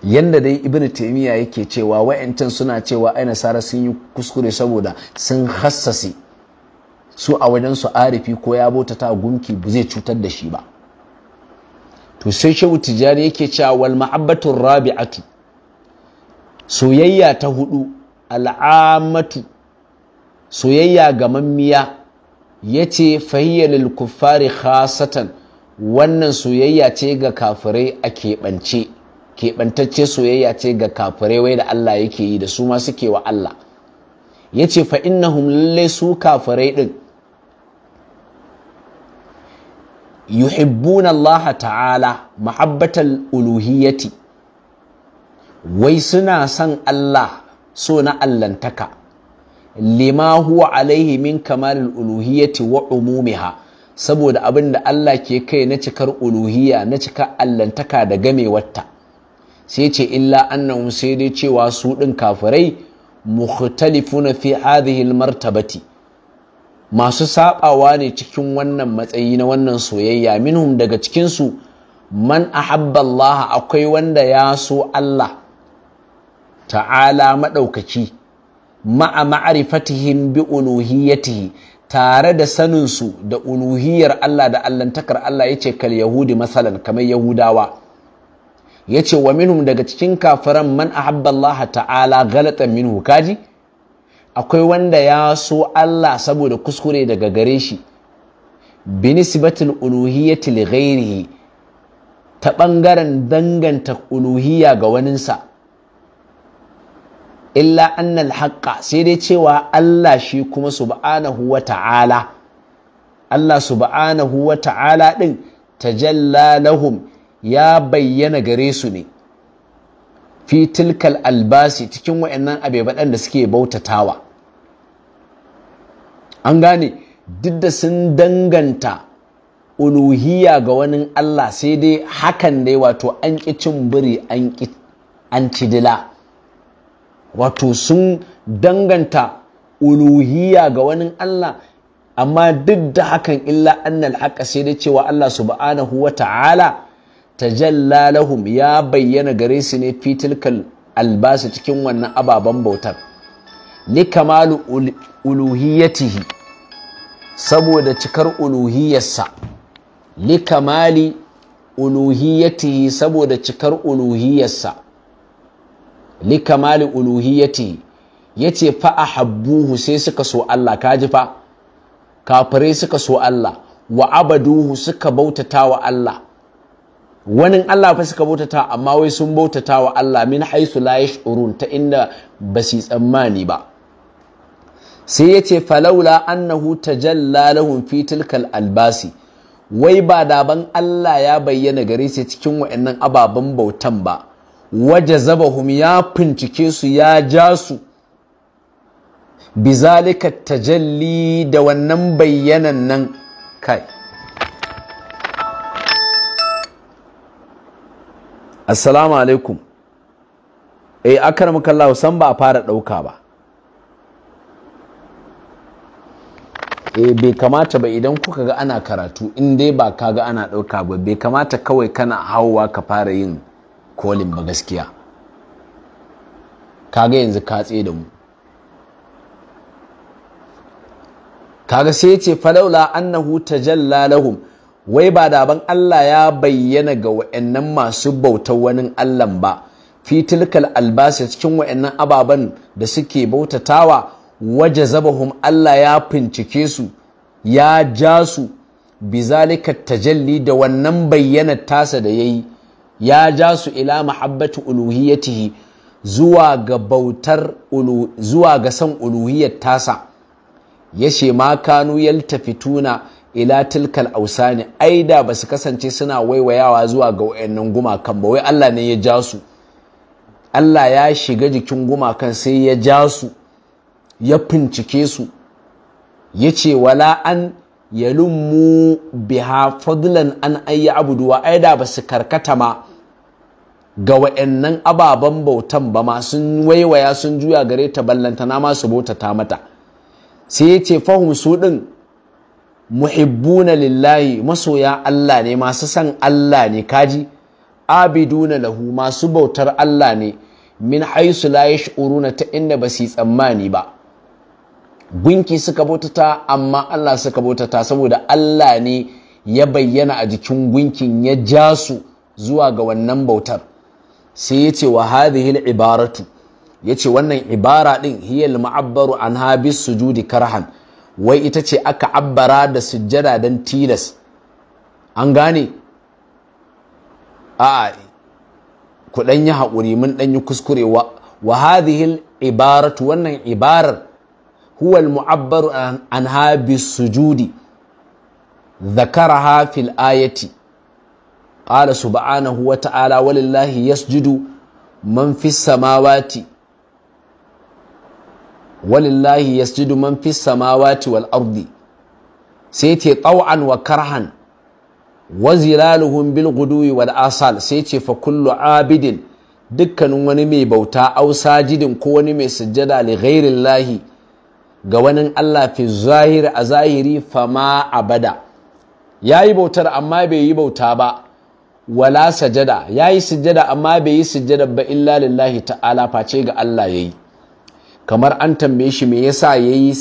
S1: Yadda dai ibn taimiyya yake cewa wa'yancan suna cewa ai nasara sun yi kuskure saboda sun hassasi su a wajen su arifi ko ya bauta ta gunki ba zai cutar da shi ba to sai shehu tijjani yake cewa wal ma'abbatun rabi'atu soyayya ta hudu al'amatu soyayya ga mammiya ya ce fayyalil kuffari khasatan wannan soyayya ce ga kafirai a keɓance keɓantacce soyayya ce ga kafirai wai da Allah yake yi da su ma suke wa Allah ya ce fa innahum lallai su kafirai ɗin yuhibbuna Allah ta'ala mahabbatar uluhiyyati wai suna son Allah so na allantaka lima huwa alaihi min kamalin uluhiyyati wa umumiha saboda abin da Allah ke kai na cikar uluhiyya na cikar allantaka da gamewarta sai ce illa annahum sai dai cewa su din kafirai mukhtalifuna fi hadhihi almartabati masu sabawa ne cikin wannan matsayi na wannan soyayya minhum daga cikin su man ahabba Allah akwai wanda ya so Allah ta'ala madaukaki ma'a ma'arifatihim bi uluhiyatihi tare da saninsu da uluhiyar Allah da allantakar Allah ya ce kal yahudi masalan kamar yahudawa ya ce wa minhum daga cikin kafiran man ahabba Allah ta'ala galatan minhu kaji akwai wanda ya so Allah saboda kuskure daga gare shi nisbatil uluhiyyati li ghairihi ta bangaren danganta uluhiyya ga waninsa illa annal haqqa sai dai cewa Allah shi kuma subhanahu wa ta'ala Allah subhanahu wa ta'ala din tajalla lahum ya bayyana gare su ne fi tilkal albasi cikin wayannan abebadan da suke bautatawa an gane duk da sun danganta uluhiya ga wani Allah sai dai hakan dai wato an ƙi cin biri an ci dila wato sun danganta uluhiyya ga wani Allah amma duk da hakan illa annal haƙa sai dai cewa Allah subhanahu wa ta'ala tajalla lahum ya bayyana gare su ne fitilkal albasa cikin wannan ababen bautar li kamalu uluhiyyatihi saboda cikar uluhiyarsa li kamali uluhiyyatihi saboda cikar uluhiyarsa li kamali ya ce fa habbuhu sai suka so Allah kaji fa kafirai suka so Allah wa abaduhu suka bautata wa Allah wani Allah fa suka bautata amma wai sun bautata wa Allah min haisu la yash'urun ta inda ba su tsammani ba sai ya yace falaula annahu tajalla lahum fi tilkal albasi wai ba daban Allah ya bayyana gare su cikin wa'annan ababen bautan ba waje zabahum ya fincike su ya ja su bizalika tajalli da wannan bayanan nan kai assalamu alaikum eh akar mukallahu san ba a fara ɗauka ba eh bai kamata ba idan kuka ga ana karatu in dai ba kaga ana ɗauka ba bai kamata kawai kana hawa ka fara yin kolin ba gaskiya kaga yanzu ka tsaye da mu kaga sai ya ce falaula annahu tajalla lahum wai ba daban Allah ya bayyana ga wa'annan masu bautar wani Allah ba fi albasa cikin wa'annan ababen da suke bautatawa waje zabahum Allah ya fincike su ya ja su bizalika tajalli da wannan bayyana tasa da yayi ya ja su ila mahabbatu uluhiyatihi zuwa ga bautar zuwa ga san uluhiyar tasa Ya yace ma kanu yaltafituna ila tilkal ausani ai da ba su kasance suna waiwayawa zuwa ga wayannan gumakan ba wai Allah ne ya ja su Allah ya shiga jikin gumakan sai ya ja su ya fincike su ya ce wala an yalummu biha fadlan an ayi abuduwa ai da ba su karkata ma ga wa'annan ababen bautan ba ma waiwaya sun juya gare ta ballantana ma su bautata mata sai ya ce fahim su din: muhibbuna lillahi masoya Allah ne masu san Allah ne kaji abiduna lahu masu bautar Allah ne min haisu la yash'uruna ta inda basu yi tsammani ba gunki suka bautata amma Allah suka bautata saboda Allah ne ya bayyana a jikin gunkin ya ja su zuwa ga wannan bautar sai ya ce wa ibaratu ya ce wannan ibara din hiyal ma'abbaru an habis sujudi karhan wai ita ce aka abbara da sujjada dan tilas an gane a ku dan yi haƙuri mun ɗanyi yi kuskure wa ibaratu wannan ibarar huwa al-mu'abbaru anha bis-sujudi ذكرها في الآية قال سبحانه وتعالى ولله يسجد من في السماوات ولله يسجد من في السماوات والأرض سيتي طوعا وكرها وزلالهم بالغدو والآصال سيتي فكل عابد دكا ونمي بوتا أو ساجد كونمي سجدا لغير الله ga wani Allah fi zahiri a zahiri fama abada ya yi bautar amma bai yi bauta ba wala sajada ya yi sujada amma bai yi sujada ba illa lillahi ta'ala face ga Allah ya yi kamar an tambaye shi me yasa ya yi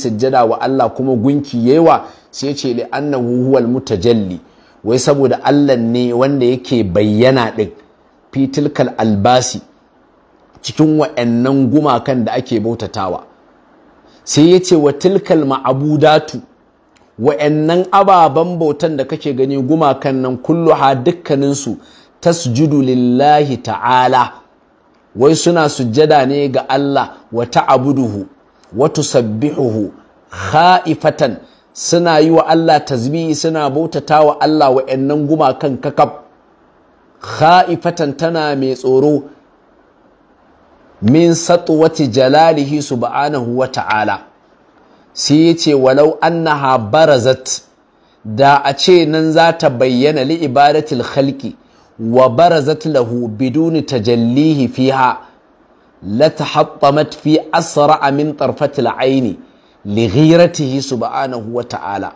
S1: wa Allah kuma gunki yawa sai ce li annahu huwal mutajalli wai saboda Allah ne wanda yake bayyana din fitilkal albasi cikin wa'annan gumakan da ake bautatawa sai ya ce wa tilkal ma'abudatu wa'annan ababen bautan da kake gani gumakan nan kulluha dukkaninsu tasjudu lillahi ta'ala wai suna sujjada ne ga Allah wa ta'abuduhu wa tusabbihuhu kha'ifatan suna yi wa Allah tasbihi suna bautata wa Allah wa'annan gumakan kakab kha'ifatan tana mai tsoro min satuwati jalalihi subhanahu wa ta'ala sai ya ce walau annaha barazat da a ce nan za ta bayyana li ibadatil khalqi wa barazat lahu biduni tajallihi fiha la tahattamat fi asra min tarfatil aini li ghiratihi subhanahu wa ta'ala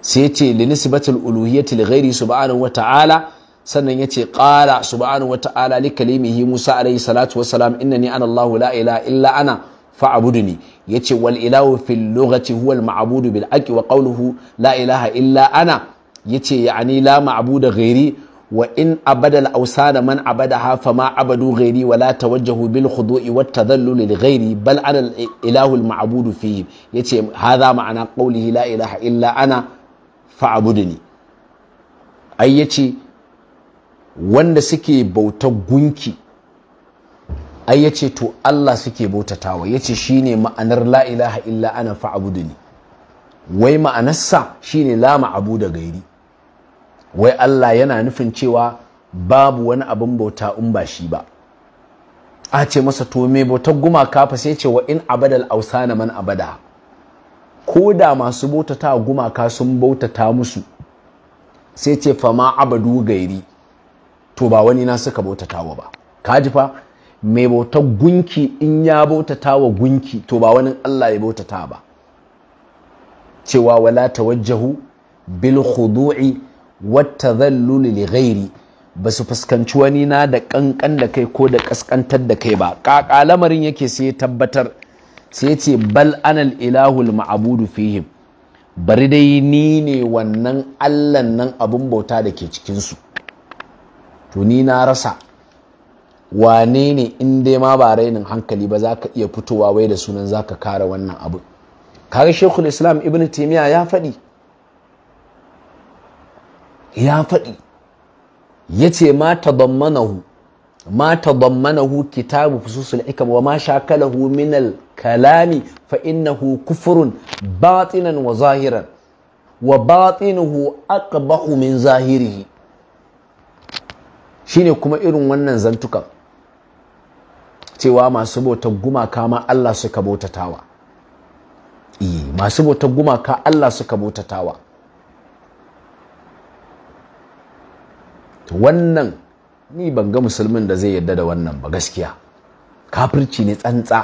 S1: sai ce li nisbatil uluhiyyati li ghairi subhanahu wa ta'ala sannan ya ce ƙara subhanahu wa ta'ala li kalimihi Musa alaihi salatu wa salam innani ana Allahu la ilaha illa ana fa'buduni yace wal ilahu fil lughati huwa al ma'budu bil aqi wa qawluhu la ilaha illa ana yace ya'ni la ma'buda ghairi wa in abadal awsana man hafa ma abadu ghairi wala tawajjahu bil khudu'i wat tadhallul li ghairi bal ana al ilahu al ma'budu fihi yace hadha ma'ana qawlihi la ilaha illa ana fa'buduni ai yace wanda suke bauta gunki ai ya ce to Allah suke bautatawa ya ce shi ne ma'anar la ilaha illa ana fa'abuduni wai ma'anarsa shi ne la ma'abu da gairi wai Allah yana nufin cewa babu wani abin bauta in ba shi ba a ce masa to me bautar gumaka fa sai ce wa in abadal ausana man abada ko da masu bautata gumaka sun bautata musu sai ce fa fama abadu gairi to ba wani na suka bautatawa ba kaji fa mai bautar gunki in ya bautatawa gunki to ba wani Allah ya bautata ba cewa wala tawajjahu bil khudu'i wat tadhallul li ghairi ba su fuskanci wani na da kankan da kai ko da kaskantar da kai ba kaka lamarin yake sai tabbatar sai ce bal anal ilahul ma'budu fihim bari dai ni ne wannan allan nan abun bauta da ke cikinsu to ni na rasa wane ne in dai ma ba rainin hankali ba za ka iya fitowa wai da sunan za ka kare wannan abu kaga shekul islam ibn taimiya ya faɗi ya faɗi ya ce ma zammanahu ma tadammanahu kitabu fususul ikam wa ma shakalahu Minal, kalami fa innahu kufrun batinan wa zahiran wa batinuhu aqbahu min zahiri. Shi ne kuma irin wannan zantukan cewa masu bautar gumaka ma Allah suka bautatawa eh masu bautar gumaka Allah suka bautatawa wannan ni ban ga musulmin da zai yarda da wannan ba gaskiya kafirci ne tsantsa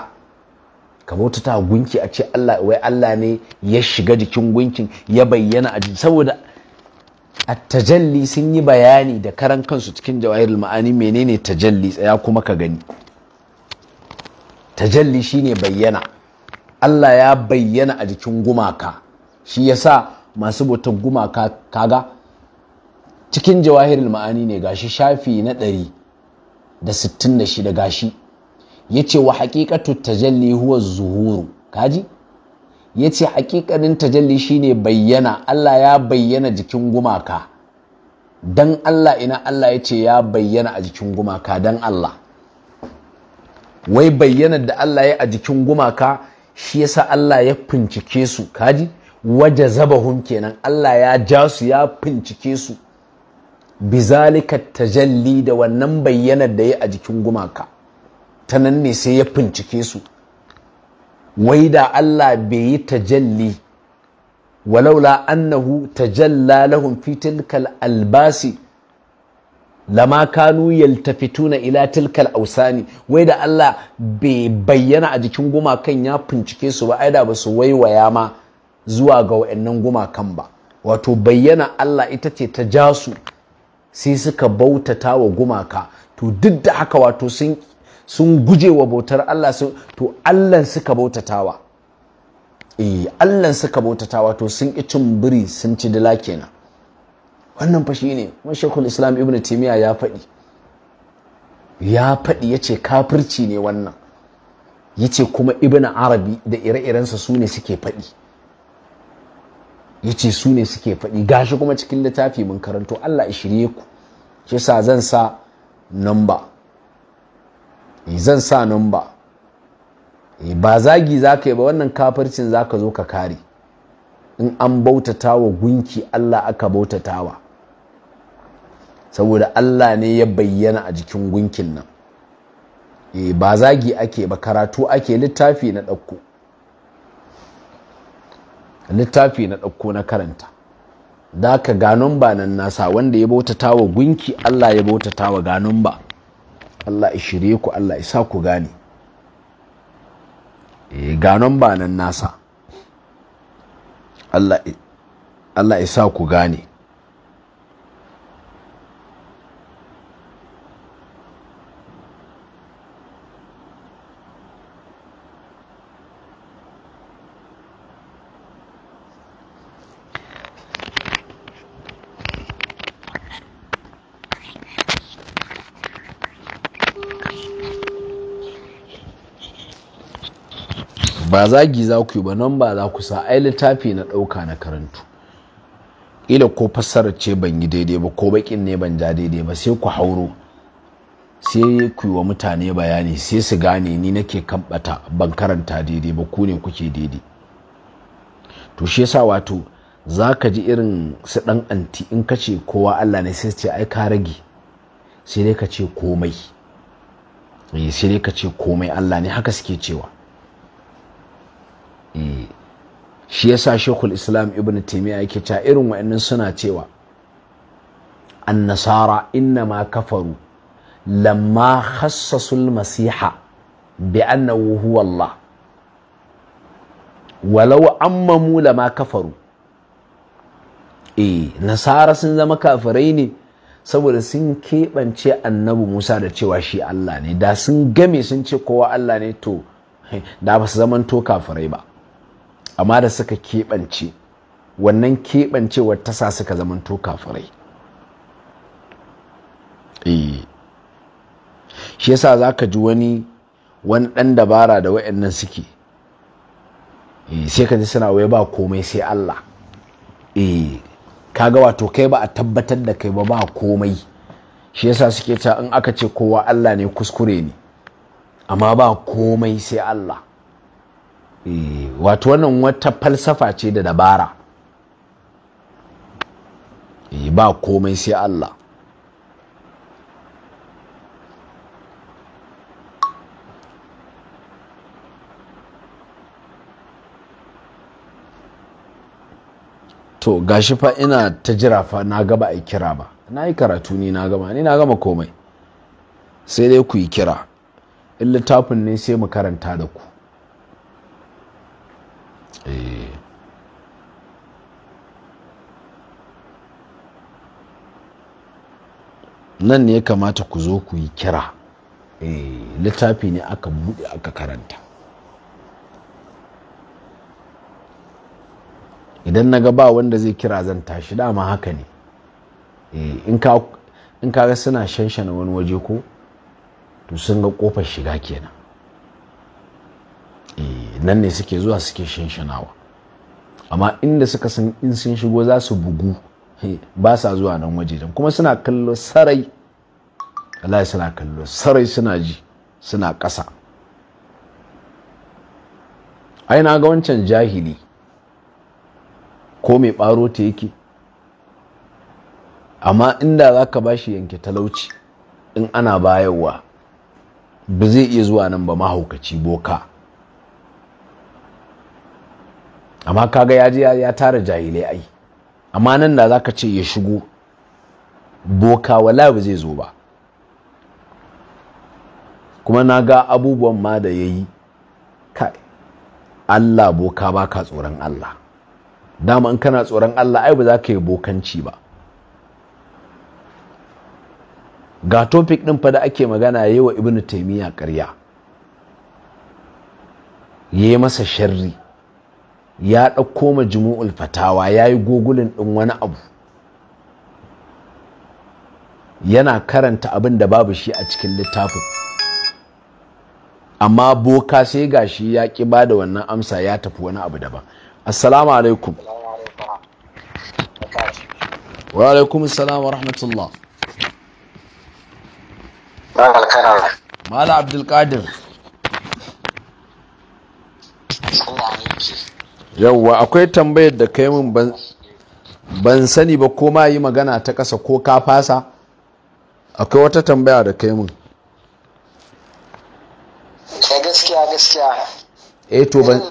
S1: ka bautata gunki a ce Allah wai Allah ne ya shiga jikin gunkin ya bayyana a saboda A tajalli sun yi bayani da karan kansu cikin jawahirul ma'ani menene tajalli tsaya kuma ka gani tajalli shine bayyana Allah ya bayyana a jikin gumaka shi yasa masu bautar gumaka kaga cikin jawahirul ma'ani ne gashi shafi na ɗari da sittin da shida gashi yace wa haqiqatu tajalli huwa zuhuru kaji ya ce hakikanin tajalli shine bayyana Allah ya bayyana jikin gumaka Don Allah ina Allah ya ce ya bayyana a jikin gumaka don Allah wai bayyanar da Allah ya a jikin gumaka shi yasa Allah ya fincike su kaji waje zabahum kenan Allah ya ja su ya fincike su bizalika tajalli da wannan bayyanar da ya a jikin gumaka ta nan ne sai ya fincike su wai da Allah bai yi tajalli walaula annahu tajalla lahum fi tilkal albasi lama kanu yaltafituna ila tilkal ausani wai da Allah bai bayyana a jikin gumakan ya fincike su ba ai da su waiwaya ma zuwa ga wayannan gumakan ba wato bayyana Allah ita ce ta jasu sai suka bautata wa gumaka to duk da haka wato sun sun guje wa bautar Allah sun to Allah suka bautatawa eh Allah suka bautatawa to sun ki biri sun ci dila kenan wannan fa shine mashaikhul Islam ibnu timiya ya faɗi ya faɗi yace kafirci ne wannan yace kuma ibnu Arabi da ire-irensa su ne suke faɗi yace su ne suke faɗi gashi kuma cikin littafi mun karanto Allah ya shirye shi zan sa number. zan sa numba eh, ba zagi za ka yi ba wannan kafircin za ka zo ka kare in an bautata wa gunki Allah aka bautatawa saboda Allah ne ya bayyana a jikin gunkin nan eh, ba zagi ake ba karatu ake littafi na ɗauko littafi na ɗauko na karanta da ka ganon ba nan nasa wanda ya bautata wa gunki Allah ya bautata wa ganon ba Allah ya shirye ku Allah ya sa ku gane eh, ga ba nan nasa Allah ya sa ku gane ba zagi za ku yi ba nan ba za ku sa ai littafi na ɗauka na karantu ila ko fassarar ce ban yi daidai ba ko bakin ne ban ja daidai ba sai ku hauro sai ku yi wa mutane bayani sai su gane ni nake kambata ban karanta daidai ba ku ne kuke daidai to shi yasa wato za ka ji irin su ɗan anti in ka ce kowa Allah ne sai ce ai ka rage sai dai ka ce komai eh, sai dai ka ce komai Allah ne haka suke cewa shi yasa shekul islam ibn taimiyya yake ta irin wa'annan suna cewa an annasara inna ma kafaru lamma khassasul masiha bi annahu huwa Allah walau ammamu lama kafaru eh nasara sun zama kafirai ne saboda sun keɓance annabi musa da cewa shi allah ne da sun game sun ce kowa allah ne to da ba su to kafirai ba amma da suka keɓance wannan keɓance ta sa suka zamanto kafirai eh. shi yasa za ka ji wani wani ɗan dabara da wa'annan suke eh, sai ka ji suna wai ba komai sai Allah eh, kaga wato kai ba a tabbatar da kai ba ba komai shi yasa suke ta in aka ce kowa Allah ne kuskure ne amma ba komai sai Allah Eh, wato wannan wata falsafa ce da dabara eh, ba komai sai Allah to gashi fa ina ta jira fa na gaba a kira ba na yi karatu ni na gama ni na gama komai sai dai ku yi kira in littafin ne sai mu karanta da ku Eh. nan ne ya kamata ku zo ku yi kira eh littafi ne aka buɗe aka karanta idan na ba wanda zai kira zan tashi dama haka ne eh, in ka ga suna shanshana wani waje ko to sun ga kofar shiga kenan Eh, nan ne suke zuwa suke shanshanawa amma inda suka san in sun shigo za su bugu ba sa zuwa nan wajejen kuma suna kallo sarai wallahi suna kallo sarai suna ji suna ƙasa ai ga wancan jahili ko mai ɓaro ta yake amma inda za ka shi yanke talauci in ana bayarwa ba zai iya zuwa nan ba mahaukaci boka amma kaga ya je ya tara jahilai ai amma nan da zaka ce ya shigo boka wala ba zai zo ba kuma na ga abubuwan ma da ya yi kai Allah boka ba ka tsoron Allah dama in kana tsoron Allah ai ba za ka yi bokanci ba ga topic ɗin fa da ake magana ya yi wa Ibn taimiyya karya ya yi masa sharri ya ɗauko ma majmu'ul fatawa ya yi gogulin ɗin wani abu yana karanta abin da babu shi a cikin littafin amma boka sai ga shi ya ƙi ba da wannan amsa ya tafi wani abu daban assalamu alaikum wa alaikum assalam wa rahmatullah mala abdulkadir yawwa akwai tambayar da kai min ban sani ba ko ma yi magana ta ƙasa ko ka fasa akwai wata tambaya da kai min
S2: gaskiya gaskiya
S1: eh to ban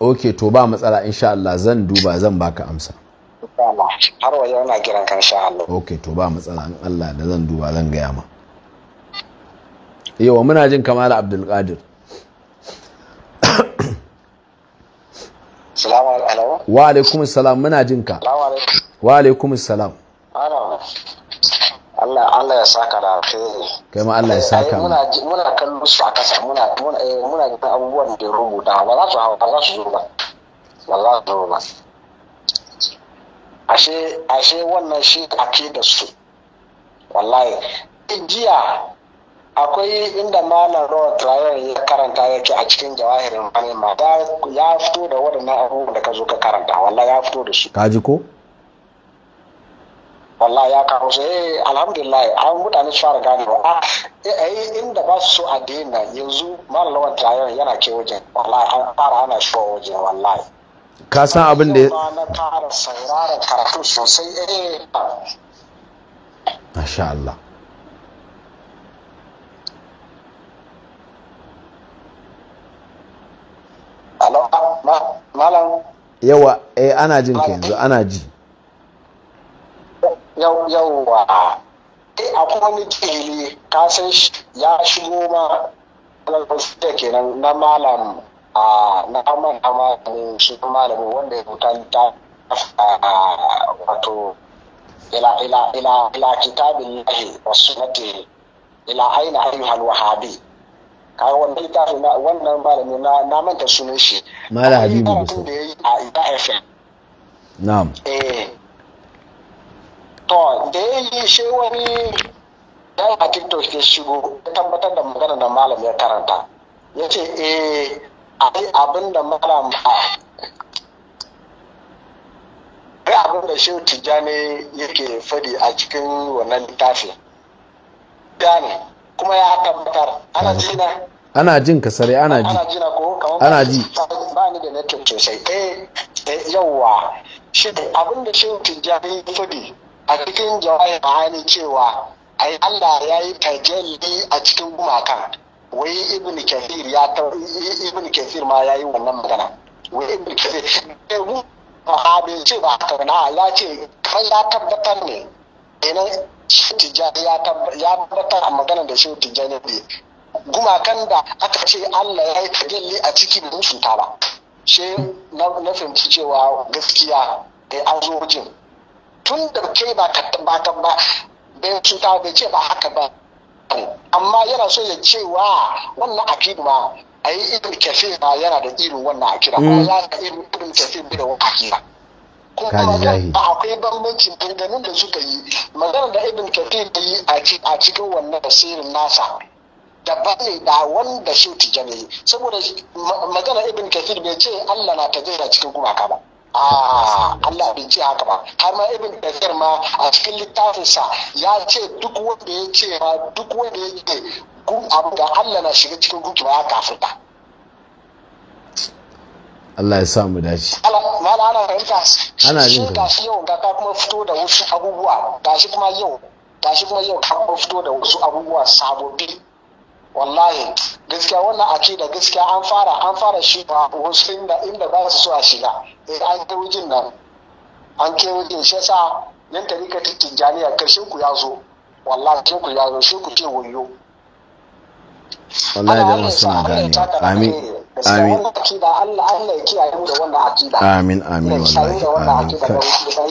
S1: ok to ba matsala insha Allah zan duba zan baka amsa har wa yana kiran kan sha Allah ok to ba matsala in Allah da zan duba zan gaya ma yauwa muna jin kamala abdulkadir Salamu alaikum. Wa alaikum salam muna jin ka. Wa alaikum salam.
S2: Allah Allah ya saka da alkhairi.
S1: Kai ma Allah ya saka. Eh, muna
S2: muna kallo su a kasa muna muna muna ga abubuwan da rubuta ba za su hawa ba za su zo ba. za su zo ba. Ashe ashe wannan shi ake da su. Wallahi jiya akwai inda malam rawar trayon ya karanta yake a cikin jawahirin manema ya fito da waɗannan abubuwan da ka zo ka karanta wallahi ya fito da su kaji ko wallahi ya kawo su eh alhamdulillah an mutane su fara gane ba ah, eh, eh inda ba su so a daina yanzu malam rawar trayon yana ke wajen wallahi an fara ana shi wajen wallahi
S1: ka san abin da na fara
S2: sauraron karatu sosai eh
S1: masha Allah malam yawa eh ana jin ka yanzu ana ji
S2: yawa eh akwai wani jeli ka san shi ya shigo ma da kenan na malam a na man amanin shi malamin wanda ya rubuta ta wato ila ila ila ila kitabin lahi wa ila aina ayyuhal wahabi kaga wannan littafin na wannan malami na na manta sunan shi
S1: malam habibu musu da
S2: yayi a ida fm na'am eh to da yayi shi wani dan a tiktok ya shigo ya tabbatar da magana da malam ya karanta ya ce eh ai abin da malam ai abin da shehu tijjani yake fadi a cikin wannan littafin gane kuma ya
S1: tabbatar ana jina ana jin ka sare ana ji ana jina ko ana ji
S2: ba ni da network sosai eh, eh yawa shi abin da shi tijjani fadi a cikin jawahi bayani cewa ai Allah ya yi tajalli a cikin gumakan wai ibnu kafir ya ta ibnu kafir ma yayi wannan magana wai ibnu kafir eh mu sahabi ce ba ta na ya ce kai ya tabbatar ne kenan shi ya tabbatar a magana da shi tijjani ne gumakan da aka ce Allah ya yi tagalli a ciki da musu ta ba shi na fahimci cewa gaskiya da an zo jin tun da kai ba ka tabbata ba bai cuta bai ce ba haka ba amma yana so ya ce wa wannan akidu ma a yi irin kafe yana da irin wannan akida
S1: kuma hmm. ya irin irin kafe da wannan akida kuma ba
S2: akwai bambancin ganin da suka yi maganar da ibn kafir da yi a cikin wannan tasirin nasa da ba ne da wanda shi tijani saboda magana ibn kafir bai ce allah na tafiya cikin gumaka ba Allah bin ce haka ba har ma ibin kafir ma a cikin littafinsa ya ce duk wanda ya ce duk wanda ya ce abu da Allah na shiga cikin gumaka ba ya kafirta
S1: Allah ya sa mu dace
S2: ana fahimta
S1: ana jin ka shi yau ga ka kuma fito
S2: da wasu abubuwa da wasu gaskiya akida gaskiya an fara an fara shi ba wasu inda inda ba su so a shiga eh an kai wujin nan an shi yasa nan tijjaniya karshen ku ya zo wallahi ku ya shi ku ce wayo
S1: wallahi jama'a suna gani. amin amin
S2: amin amin wallahi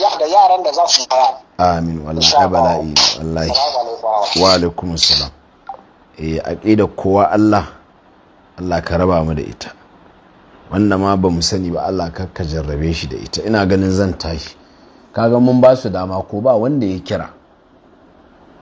S2: amin da yaran da za su
S1: amin wallahi bala'i wallahi wa alaikum assalam eh aqida kowa Allah Allah ka raba mu da ita wanda ma ba mu sani ba Allah ka ka jarrabe shi da ita ina ganin zan tashi kaga mun ba su dama ko ba wanda ya kira